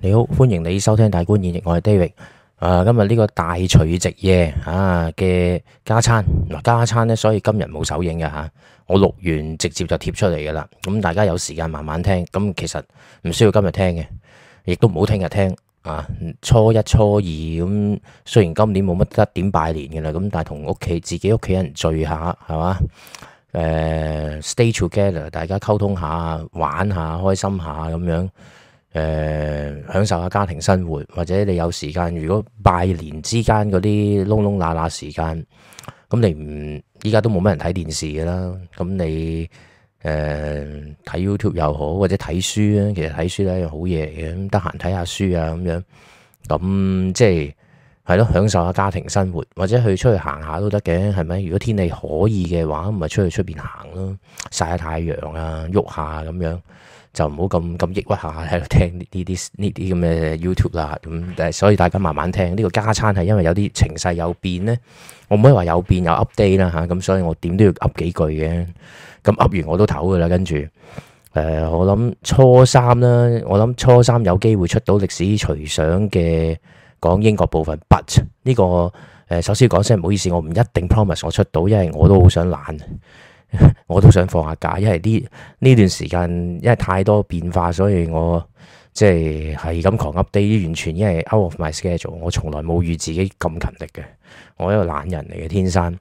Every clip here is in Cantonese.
你好，歡迎你收聽大觀演繹，我係 David。啊、呃，今日呢個大除夕夜啊嘅加餐，嗱加餐呢，所以今日冇首映嘅吓，我錄完直接就貼出嚟噶啦。咁、啊、大家有時間慢慢聽，咁、啊、其實唔需要今日聽嘅，亦都唔好聽日聽啊。初一初二咁、啊，雖然今年冇乜得點拜年嘅啦，咁、啊、但係同屋企自己屋企人聚下係嘛，誒、呃、Stay together，大家溝通下、玩下、開心下咁樣。誒、呃，享受下家庭生活，或者你有時間，如果拜年之間嗰啲窿窿罅罅時間，咁你唔依家都冇乜人睇電視噶啦，咁你誒睇、呃、YouTube 又好，或者睇書，書，書啊，其實睇書都係好嘢嚟嘅，咁得閒睇下書啊咁樣，咁即係係咯，享受下家庭生活，或者去出去行下都得嘅，係咪？如果天氣可以嘅話，咁咪出去出邊行咯，曬下太陽啊，喐下咁、啊、樣。就唔好咁咁抑鬱下喺度聽呢啲呢啲咁嘅 YouTube 啦，咁誒，所以大家慢慢聽。呢、這個加餐係因為有啲情勢有變咧，我唔可以話有變有 update 啦嚇，咁、啊、所以我點都要噏幾句嘅。咁噏完我都唞噶啦，跟住誒、呃，我諗初三啦，我諗初三有機會出到歷史隨想嘅講英國部分，but 呢、這個誒、呃、首先講聲唔好意思，我唔一定 promise 我出到，因為我都好想懶。 我都想放下假，因為呢呢段時間因為太多變化，所以我即係係咁狂 update，完全因為 out of my schedule，我從來冇遇自己咁勤力嘅，我一個懶人嚟嘅天生，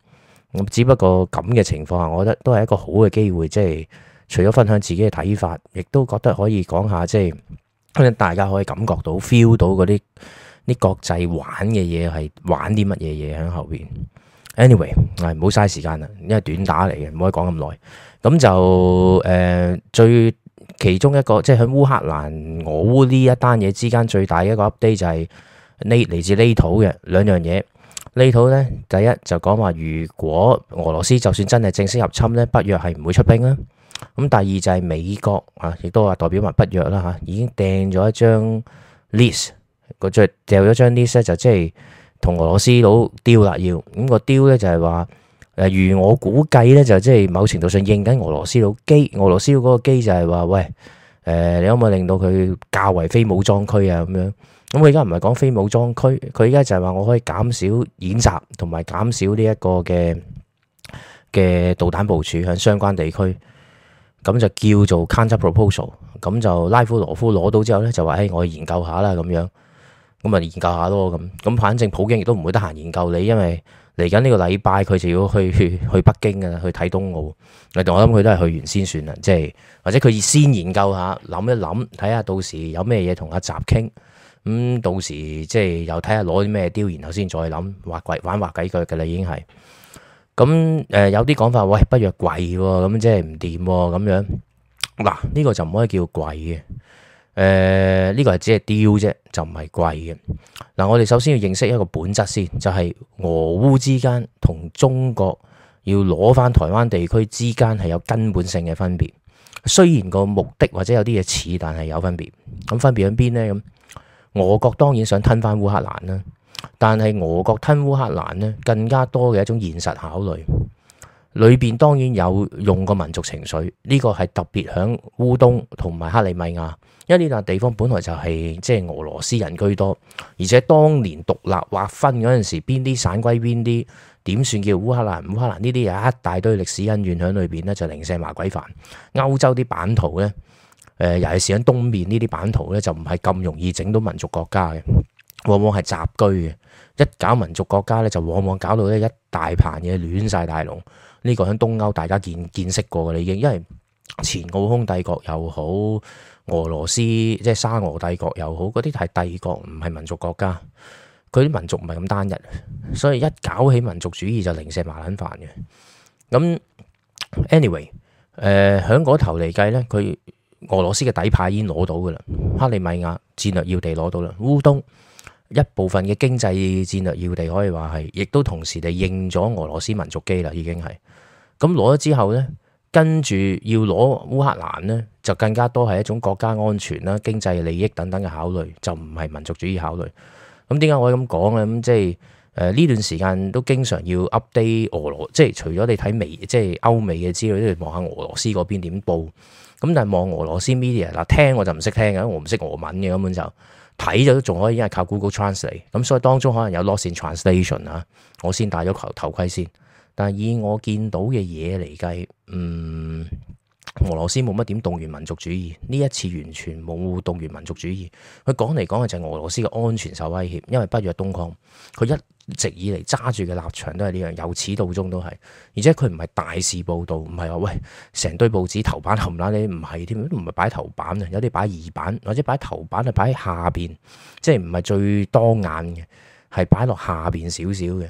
我只不過咁嘅情況下，我覺得都係一個好嘅機會，即係除咗分享自己嘅睇法，亦都覺得可以講下，即係大家可以感覺到 feel 到嗰啲啲國際玩嘅嘢係玩啲乜嘢嘢喺後邊。Anyway，唔好嘥時間啦，因為短打嚟嘅，唔可以講咁耐。咁就誒、呃、最其中一個，即係喺烏克蘭俄烏呢一單嘢之間，最大一個 update 就係呢嚟自呢套嘅兩樣嘢。土呢套咧，第一就講話，如果俄羅斯就算真係正式入侵咧，北約北約係唔會出兵啦。咁第二就係美國啊，亦都話代表埋北約啦嚇、啊，已經訂咗一張 list，個最掉咗張 list 咧、就是，就即係。俄那個就是、同俄羅斯佬丟啦，要咁個丟咧就係話，誒如我估計咧，就即係某程度上應緊俄羅斯佬機，俄羅斯佬個機就係話，喂，誒、呃、你可唔可以令到佢較為非武裝區啊？咁樣，咁佢而家唔係講非武裝區，佢而家就係話我可以減少演習，同埋減少呢一個嘅嘅導彈部署喺相關地區，咁就叫做 counter-proposal。咁就拉夫羅夫攞到之後咧，就話誒我去研究下啦，咁樣。咁咪研究下咯，咁咁反正普京亦都唔會得閒研究你，因為嚟緊呢個禮拜佢就要去去北京噶啦，去睇冬奧。我諗佢都係去完先算啦，即係或者佢先研究下，諗一諗，睇下到時有咩嘢同阿習傾。咁到時即係又睇下攞啲咩雕，然後先再諗畫鬼玩畫鬼腳噶啦，已經係。咁誒，有啲講法喂，不如貴咁即係唔掂咁樣。嗱，呢個就唔可以叫貴嘅。誒，呢、呃這個係只係丟啫，就唔係貴嘅嗱。我哋首先要認識一個本質先，就係、是、俄烏之間同中國要攞翻台灣地區之間係有根本性嘅分別。雖然個目的或者有啲嘢似，但係有分別。咁分別喺邊呢？咁俄國當然想吞翻烏克蘭啦，但係俄國吞烏克蘭呢，更加多嘅一種現實考慮。裏邊當然有用個民族情緒，呢、這個係特別響烏東同埋克里米亞。因為呢笪地方本來就係即係俄羅斯人居多，而且當年獨立劃分嗰陣時，邊啲省歸邊啲，點算叫烏克蘭？烏克蘭呢啲有一大堆歷史恩怨喺裏邊呢就零舍麻鬼煩。歐洲啲版圖呢，誒、呃、尤其是喺東面呢啲版圖呢，就唔係咁容易整到民族國家嘅，往往係雜居嘅。一搞民族國家呢，就往往搞到咧一大棚嘢亂晒大龍。呢、這個喺東歐大家見見，見識過嘅啦，已經因為前奧匈帝國又好。俄羅斯即係沙俄帝國又好，嗰啲係帝國，唔係民族國家。佢啲民族唔係咁單一，所以一搞起民族主義就零舍麻捻煩嘅。咁 anyway，誒，響嗰頭嚟計咧，佢俄羅斯嘅底牌已經攞到噶啦，克里米亞戰略要地攞到啦，烏東一部分嘅經濟戰略要地可以話係，亦都同時地應咗俄羅斯民族基啦，已經係。咁攞咗之後咧，跟住要攞烏克蘭咧，就更加多係一種國家安全啦、經濟利益等等嘅考慮，就唔係民族主義考慮。咁點解我會咁講咧？咁即係誒呢段時間都經常要 update 俄羅，即係除咗你睇美，即係歐美嘅資料，都要望下俄羅斯嗰邊點報。咁但係望俄羅斯 media 嗱，聽我就唔識聽嘅，我唔識俄文嘅根本就睇咗都仲可以，因為靠 Google Translate。咁所以當中可能有 loss in translation 啊，我先戴咗頭頭盔先。但係以我見到嘅嘢嚟計，嗯，俄羅斯冇乜點動員民族主義，呢一次完全冇動員民族主義。佢講嚟講去就係俄羅斯嘅安全受威脅，因為北約東擴，佢一直以嚟揸住嘅立場都係呢樣，由始到終都係。而且佢唔係大肆報道，唔係話喂，成堆報紙頭版含啦，你唔係添，唔係擺頭版啊，有啲擺二版或者擺頭版係擺喺下邊，即係唔係最多眼嘅，係擺落下邊少少嘅。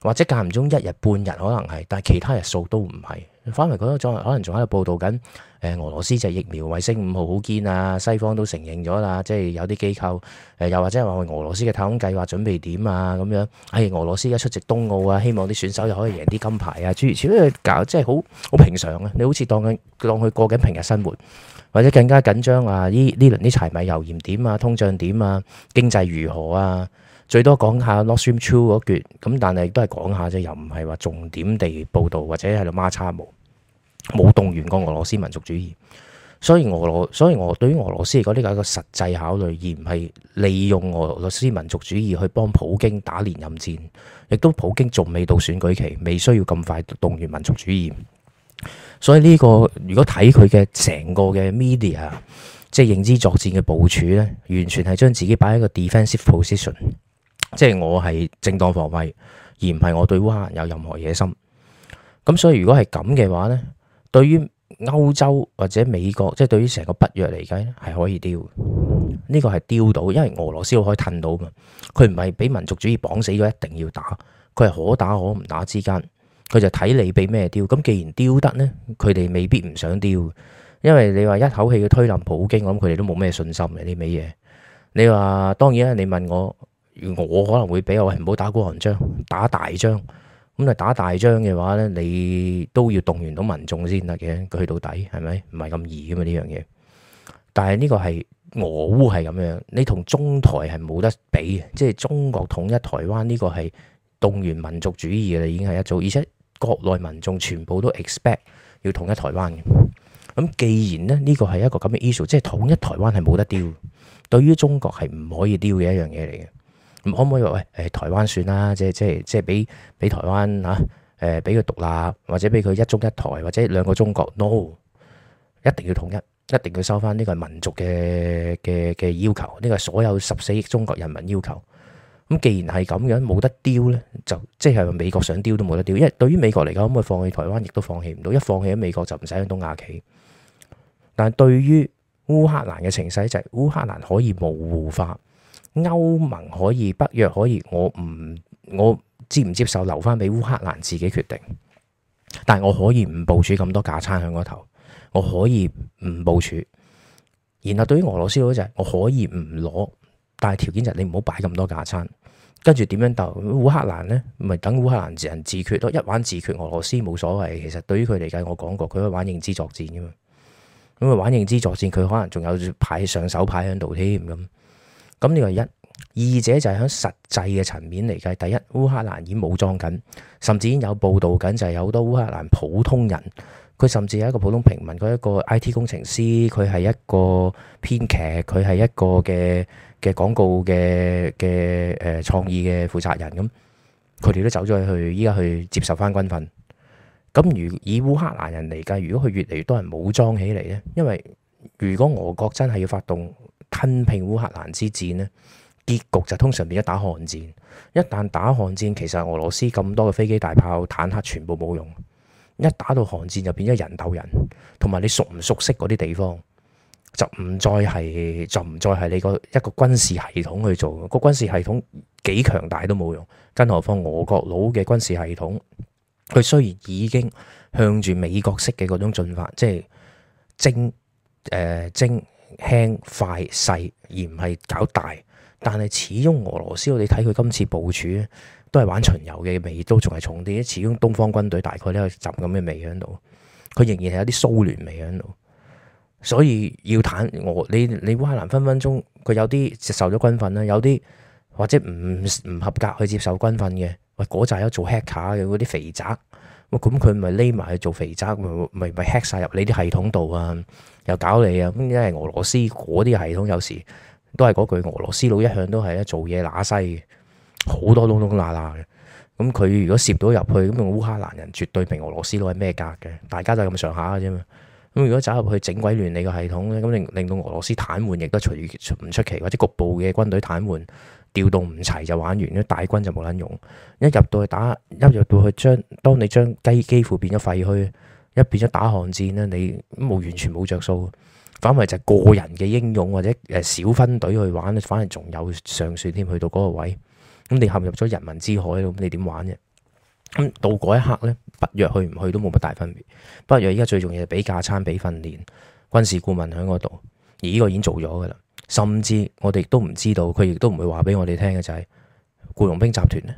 或者間唔中一日半日可能係，但係其他日數都唔係。反而覺得可能仲喺度報道緊，誒、呃、俄羅斯就疫苗衛星五號好堅啊，西方都承認咗啦，即係有啲機構、呃、又或者係話俄羅斯嘅太空計劃準備點啊咁樣。誒、哎、俄羅斯一出席冬奧啊，希望啲選手又可以贏啲金牌啊。諸如此類搞即係好好平常啊。你好似當當佢過緊平日生活，或者更加緊張啊？呢呢輪啲柴米油鹽點啊？通脹點啊？經濟如何啊？最多講下 Not True 嗰橛，咁但係亦都係講下啫，又唔係話重點地報導或者喺度孖叉冇冇動員過俄羅斯民族主義。所以俄羅，所以我對於俄羅斯嚟講，呢個係一個實際考慮，而唔係利用俄羅斯民族主義去幫普京打連任戰。亦都普京仲未到選舉期，未需要咁快動員民族主義。所以呢個如果睇佢嘅成個嘅 media，即係認知作戰嘅部署咧，完全係將自己擺喺一個 defensive position。即係我係正當防衛，而唔係我對烏克蘭有任何野心。咁所以如果係咁嘅話呢，對於歐洲或者美國，即係對於成個北約嚟講，係可以丟。呢、這個係丟到，因為俄羅斯可以吞到嘛。佢唔係俾民族主義綁死咗，一定要打。佢係可打可唔打之間，佢就睇你俾咩丟。咁既然丟得呢，佢哋未必唔想丟。因為你話一口氣去推冧普京，咁佢哋都冇咩信心嘅呢啲嘢。你話當然啦，你問我。我可能會比我係唔好打孤寒仗，打大仗咁啊。打大仗嘅話咧，你都要動員到民眾先得嘅。佢去到底係咪唔係咁易嘅嘛？呢樣嘢，但係呢個係俄烏係咁樣，你同中台係冇得比嘅，即係中國統一台灣呢個係動員民族主義嘅，已經係一組，而且國內民眾全部都 expect 要統一台灣嘅。咁既然咧呢個係一個咁嘅 issue，即係統一台灣係冇得丟，對於中國係唔可以丟嘅一樣嘢嚟嘅。可唔可以話喂、欸？台灣算啦，即係即係即係俾俾台灣嚇誒，俾、呃、佢獨立，或者俾佢一中一台，或者兩個中國？No，一定要統一，一定要收翻呢個民族嘅嘅嘅要求，呢、這個所有十四億中國人民要求。咁既然係咁樣，冇得丟呢？就即係美國想丟都冇得丟。因為對於美國嚟講，可唔可以放棄台灣亦都放棄唔到，一放棄咗美國就唔使響東亞企。但係對於烏克蘭嘅情勢就係、是、烏克蘭可以模糊化。歐盟可以，北約可以，我唔，我接唔接受留翻俾烏克蘭自己決定，但係我可以唔部署咁多架撐喺嗰頭，我可以唔部署。然後對於俄羅斯嗰隻我可以唔攞，但係條件就係你唔好擺咁多架撐，跟住點樣鬥烏克蘭呢？咪等烏克蘭人自決咯，一玩自決，俄羅斯冇所謂。其實對於佢嚟計，我講過，佢玩認知作戰噶嘛，咁啊玩認知作戰，佢可能仲有牌上手牌喺度添咁。咁呢個一，二者就係喺實際嘅層面嚟計。第一，烏克蘭已經武裝緊，甚至已經有報道緊，就係有好多烏克蘭普通人，佢甚至係一個普通平民，佢一個 I.T. 工程師，佢係一個編劇，佢係一個嘅嘅廣告嘅嘅誒創意嘅負責人咁，佢哋都走咗去依家去接受翻軍訓。咁如以烏克蘭人嚟計，如果佢越嚟越多人武裝起嚟咧，因為如果俄國真係要發動，吞併烏克蘭之戰呢，結局就通常變咗打韓戰。一旦打韓戰，其實俄羅斯咁多嘅飛機、大炮、坦克全部冇用。一打到韓戰就變咗人鬥人，同埋你熟唔熟悉嗰啲地方，就唔再係就唔再係你個一個軍事系統去做，那個軍事系統幾強大都冇用，更何況俄國佬嘅軍事系統，佢雖然已經向住美國式嘅嗰種進法，即係精誒精。呃精輕快細，而唔係搞大。但係始終俄羅斯，我哋睇佢今次部署都係玩巡遊嘅味，都仲係重啲。始終東方軍隊大概都有陣咁嘅味喺度，佢仍然係有啲蘇聯味喺度。所以要坦俄你你烏克蘭分分鐘佢有啲接受咗軍訓啦，有啲或者唔唔合格去接受軍訓嘅，喂嗰就係有做黑客嘅嗰啲肥宅。咁佢咪匿埋去做肥宅，咪咪咪 hack 曬入你啲系統度啊！又搞你啊！咁因為俄羅斯嗰啲系統，有時都係嗰句俄羅斯佬一向都係做嘢乸西嘅，好多窿窿罅罅嘅。咁佢如果攝到入去，咁用烏克蘭人絕對比俄羅斯佬係咩格嘅？大家都係咁上下嘅啫嘛。咁如果走入去整鬼亂你個系統咧，咁令令到俄羅斯癱瘓亦都隨唔出奇，或者局部嘅軍隊癱瘓。調動唔齊就玩完咧，大軍就冇捻用。一入到去打，一入到去將，當你將雞幾乎變咗廢墟，一變咗打巷戰呢，你冇完全冇着數。反為就個人嘅英勇或者誒小分隊去玩，反而仲有上算添。去到嗰個位，咁你陷入咗人民之海，咁你點玩啫？咁到嗰一刻呢，北約去唔去都冇乜大分別。北約依家最重要係俾架餐，俾訓練軍事顧問喺嗰度，而呢個已經做咗噶啦。甚至我哋都唔知道，佢亦都唔會話俾我哋聽嘅就係僱傭兵集團咧。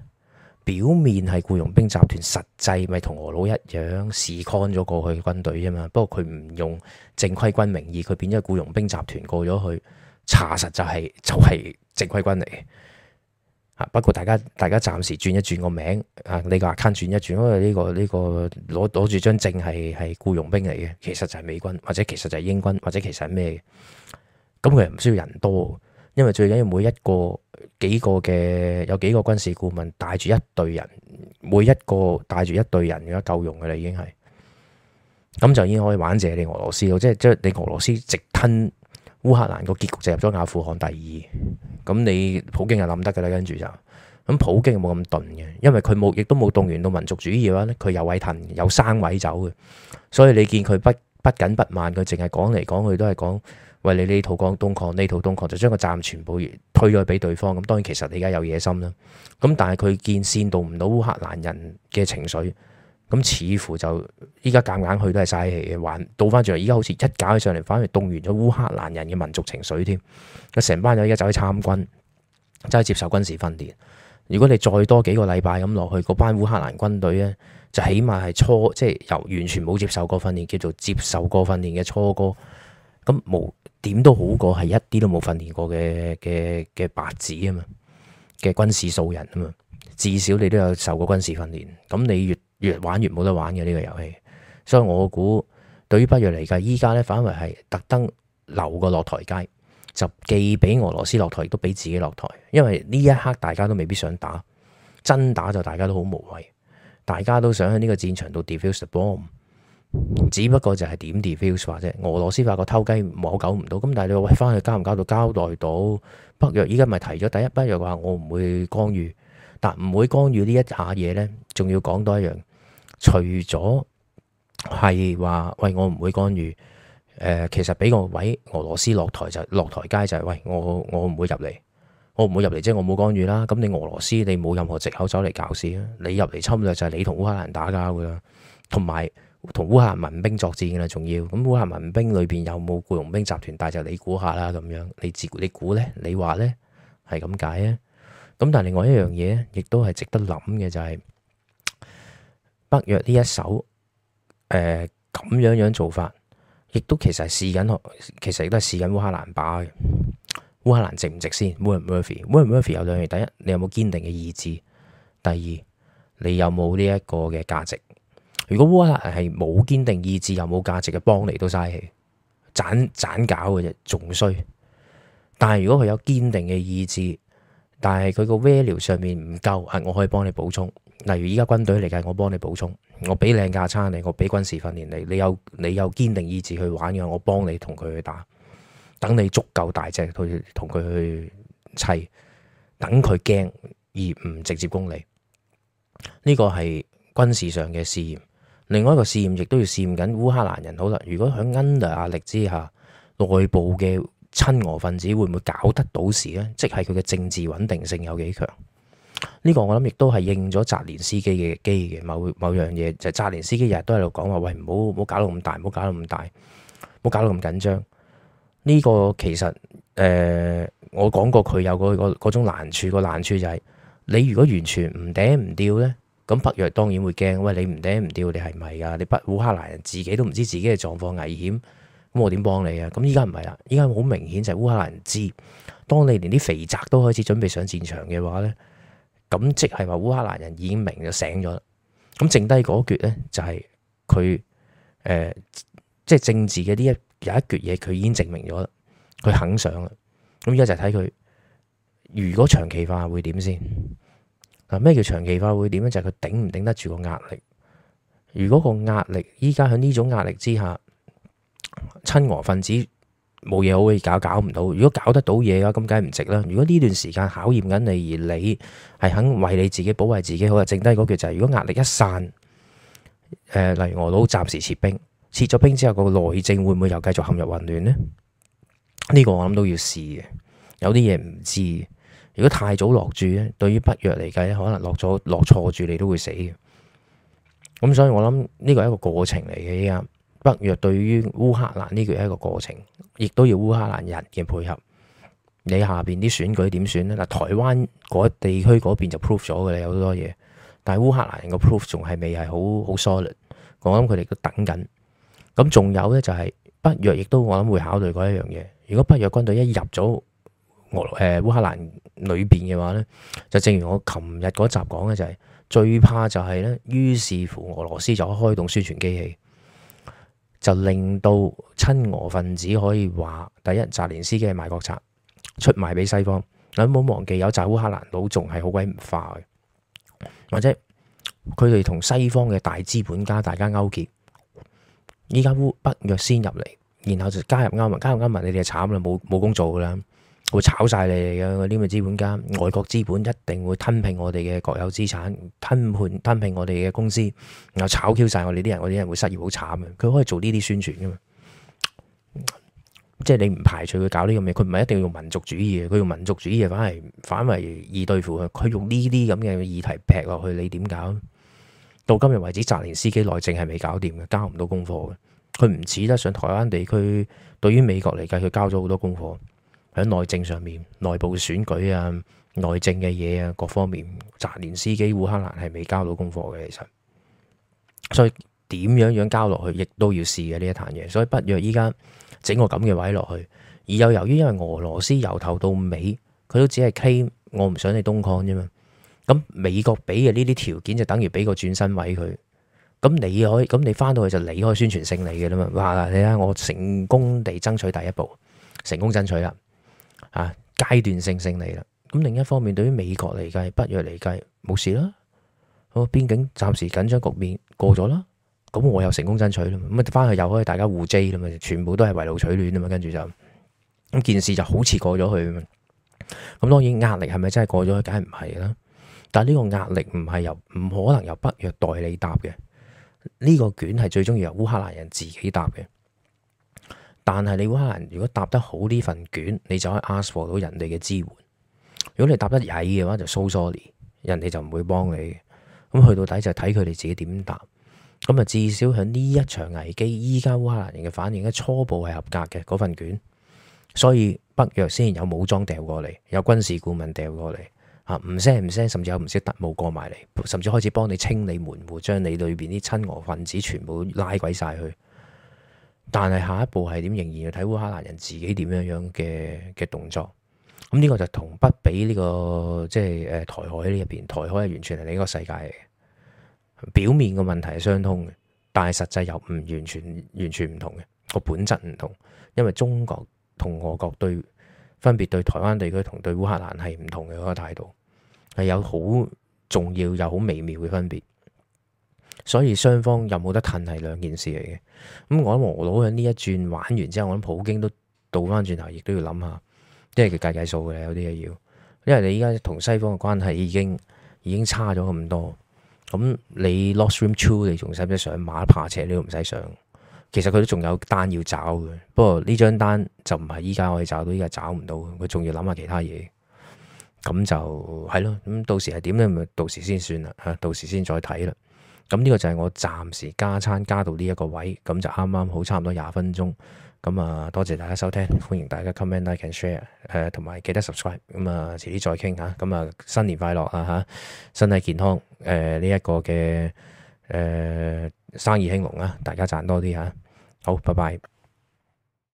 表面係僱傭兵集團，實際咪同俄佬一樣，是 con 咗過去軍隊啫嘛。不過佢唔用正規軍名義，佢變咗僱傭兵集團過咗去，查實就係就係正規軍嚟嘅。啊，不過大家大家暫時轉一轉個名啊，你個 account 轉一轉，因為呢個呢個攞攞住張證係係僱傭兵嚟嘅，其實就係美軍，或者其實就係英軍，或者其實係咩嘅。咁佢又唔需要人多，因為最緊要每一個幾個嘅有幾個軍事顧問帶住一隊人，每一個帶住一隊人而家夠用噶啦，已經係咁就已經可以玩謝你俄羅斯咯，即係將你俄羅斯直吞烏克蘭個結局就入咗阿富汗第二，咁你普京又諗得噶啦，跟住就咁普京冇咁鈍嘅，因為佢冇亦都冇動員到民族主義啦，佢有位騰有生位走嘅，所以你見佢不不緊不慢，佢淨係講嚟，講去都係講。為你呢套講東擴，呢套東擴就將個站全部推咗俾對方。咁當然其實你而家有野心啦。咁但係佢見煽動唔到烏克蘭人嘅情緒，咁似乎就依家夾硬去都係嘥氣嘅。還倒翻轉嚟，依家好似一搞起上嚟，反而動員咗烏克蘭人嘅民族情緒添。成班友而家走去參軍，走去接受軍事訓練。如果你再多幾個禮拜咁落去，嗰班烏克蘭軍隊咧，就起碼係初，即係由完全冇接受過訓練，叫做接受過訓練嘅初哥，咁冇。點都好過係一啲都冇訓練過嘅嘅嘅白紙啊嘛，嘅軍事素人啊嘛，至少你都有受過軍事訓練，咁你越越玩越冇得玩嘅呢個遊戲。所以我估對於北約嚟計，依家咧反為係特登留個落台階，就既俾俄羅斯落台，亦都俾自己落台。因為呢一刻大家都未必想打，真打就大家都好無謂，大家都想喺呢個戰場度 defuse the bomb。只不過就係點 diffuse 話啫，俄羅斯話個偷雞摸狗唔到，咁但係你話喂，翻去交唔交到交代到？北約依家咪提咗第一，北約話我唔會干預，但唔會干預呢一下嘢咧，仲要講多一樣，除咗係話喂，我唔會干預，誒、呃、其實俾個位俄羅斯落台就落台階就係、是、喂，我我唔會入嚟，我唔會入嚟即係我冇干預啦。咁你俄羅斯你冇任何藉口走嚟搞事啊？你入嚟侵略就係你同烏克蘭打交噶，同埋。同烏克蘭民兵作戰啦，仲要咁烏克蘭民兵裏邊有冇僱傭兵集團？帶就你估下啦，咁樣你自你估咧，你話咧係咁解啊？咁但係另外一樣嘢咧，亦都係值得諗嘅就係北約呢一手誒咁樣樣做法，亦都其實係試緊，其實亦都係試緊烏克蘭把嘅。烏克蘭值唔值先？worthworthy，worthworthy 有兩樣，第一你有冇堅定嘅意志，第二你有冇呢一個嘅價值。如果烏克蘭係冇堅定意志又冇價值嘅，幫你都嘥氣，盞盞搞嘅啫，仲衰。但係如果佢有堅定嘅意志，但係佢個 value 上面唔夠，係我可以幫你補充。例如依家軍隊嚟嘅，我幫你補充，我俾靚架槍,你，我俾軍事訓練你。你有你有堅定意志去玩嘅，我幫你同佢去打。等你足夠大隻去同佢去砌，等佢驚而唔直接攻你。呢個係軍事上嘅試驗。另外一個試驗亦都要試驗緊烏克蘭人，好啦。如果喺 under 壓力之下，內部嘅親俄分子會唔會搞得到事咧？即係佢嘅政治穩定性有幾強？呢個我諗亦都係應咗澤連斯基嘅機嘅，某某樣嘢就係澤連斯基日日都喺度講話，喂，唔好唔好搞到咁大，唔好搞到咁大，唔好搞到咁緊張。呢個其實誒、呃，我講過佢有個個嗰種難處，個難處就係你如果完全唔頂唔掉咧。咁北約當然會驚，喂，你唔掟唔掉你係咪噶？你北烏克蘭人自己都唔知自己嘅狀況危險，咁我點幫你啊？咁依家唔係啦，依家好明顯就係烏克蘭人知，當你連啲肥宅都開始準備上戰場嘅話咧，咁即係話烏克蘭人已經明就醒咗啦。咁剩低嗰橛咧就係佢誒，即係政治嘅呢一有一橛嘢佢已經證明咗啦，佢肯上啦。咁而家就睇佢如果長期化會點先。咩叫長期化會點樣？就係佢頂唔頂得住個壓力。如果個壓力依家喺呢種壓力之下，親俄分子冇嘢好可以搞，搞唔到。如果搞得到嘢嘅話，咁梗係唔值啦。如果呢段時間考驗緊你，而你係肯為你自己保衞自己，好啊。剩低嗰句就係：如果壓力一散，誒，例如俄佬暫時撤兵，撤咗兵之後，個內政會唔會又繼續陷入混亂呢？呢個我諗都要試嘅，有啲嘢唔知。如果太早落注咧，對於北約嚟計咧，可能落錯落錯注你都會死嘅。咁、嗯、所以我諗呢個係一個過程嚟嘅。依家北約對於烏克蘭呢個係一個過程，亦都要烏克蘭人嘅配合。你下邊啲選舉點選咧？嗱，台灣嗰地區嗰邊就 prove 咗嘅，有好多嘢。但係烏克蘭人嘅 prove 仲係未係好好 solid 我。我諗佢哋都等緊。咁仲有咧就係、是、北約，亦都我諗會考慮嗰一樣嘢。如果北約軍隊一入咗俄誒烏克蘭，裏邊嘅話呢，就正如我琴日嗰集講嘅、就是，就係最怕就係、是、呢。於是乎俄羅斯就開動宣傳機器，就令到親俄分子可以話：第一，澤連斯基係賣國賊，出賣俾西方。你唔好忘記有紮烏克蘭佬仲係好鬼唔化嘅，或者佢哋同西方嘅大資本家大家勾結。依家烏北約先入嚟，然後就加入歐盟，加入歐盟你哋就慘啦，冇冇工做噶啦。會炒晒你哋嘅嗰啲咪資本家，外國資本一定會吞並我哋嘅國有資產，吞盤吞並我哋嘅公司，然後炒飄晒我哋啲人，我哋啲人會失業好慘嘅。佢可以做呢啲宣傳嘅嘛，即係你唔排除佢搞呢樣咩？佢唔係一定要用民族主義嘅，佢用民族主義嘅反而反為易對付嘅。佢用呢啲咁嘅議題劈落去，你點搞？到今日為止，澤連斯基內政係未搞掂嘅，交唔到功課嘅。佢唔似得上台灣地區，對於美國嚟計，佢交咗好多功課。喺內政上面，內部嘅選舉啊，內政嘅嘢啊，各方面，澤連斯基烏克蘭係未交到功課嘅，其實，所以點樣樣交落去，亦都要試嘅呢一壇嘢。所以不若依家整個咁嘅位落去，而又由於因為俄羅斯由頭到尾，佢都只係 claim「我唔想你東擴」啫嘛。咁美國俾嘅呢啲條件就等於俾個轉身位佢。咁你可以，咁你翻到去就你可以宣傳勝利嘅啦嘛。話你睇下我成功地爭取第一步，成功爭取啦。啊，階段性勝利啦！咁另一方面，對於美國嚟計、北約嚟計，冇事啦。好，邊境暫時緊張局面過咗啦。咁、啊、我又成功爭取啦。咁啊，翻去又可以大家互 J 啦嘛，全部都係圍爐取暖啊嘛。跟住就咁件事就好似過咗去啊嘛。咁當然壓力係咪真係過咗？梗係唔係啦。但係呢個壓力唔係由唔可能由北約代理答嘅。呢、呢個卷係最終要由烏克蘭人自己答嘅。但係你烏克蘭如果答得好呢份卷，你就可以 ask for 到人哋嘅支援。如果你答得矮嘅話，就 so sorry，人哋就唔會幫你。咁去到底就睇佢哋自己點答。咁啊，至少喺呢一場危機，依家烏克蘭人嘅反應咧，初步係合格嘅嗰份卷，所以北約先有武裝掉過嚟，有軍事顧問掉過嚟，啊，唔聲唔聲，甚至有唔少特務過埋嚟，甚至開始幫你清理門戶，將你裏邊啲親俄分子全部拉鬼晒去。但係下一步係點？仍然要睇烏克蘭人自己點樣樣嘅嘅動作。咁、嗯、呢、這個就同不俾呢、這個即係誒、呃、台海呢邊台海係完全係另一個世界嚟嘅。表面嘅問題係相通嘅，但係實際又唔完全完全唔同嘅，個本質唔同。因為中國同俄國對分別對台灣地區同對烏克蘭係唔同嘅嗰個態度，係有好重要又好微妙嘅分別。所以雙方有冇得褪，係兩件事嚟嘅。咁我諗俄羅斯喺呢一轉玩完之後，我諗普京都倒翻轉頭，亦都要諗下，即係佢計計數嘅，有啲嘢要。因為你依家同西方嘅關係已經已經差咗咁多，咁你 Lost Room Two 你仲使唔使上馬爬斜？你都唔使上。其實佢都仲有單要找嘅，不過呢張單就唔係依家可以找，到依家找唔到，佢仲要諗下其他嘢。咁就係咯，咁到時係點咧？咪到時先算啦吓，到時先再睇啦。咁呢個就係我暫時加餐加到呢一個位，咁就啱啱好差唔多廿分鐘。咁啊，多謝大家收聽，歡迎大家 comment、like、and share，誒、啊，同埋記得 subscribe。咁啊，遲啲再傾嚇。咁啊，新年快樂啊嚇，身體健康，誒呢一個嘅誒、呃、生意興隆啊，大家賺多啲嚇、啊。好，拜拜。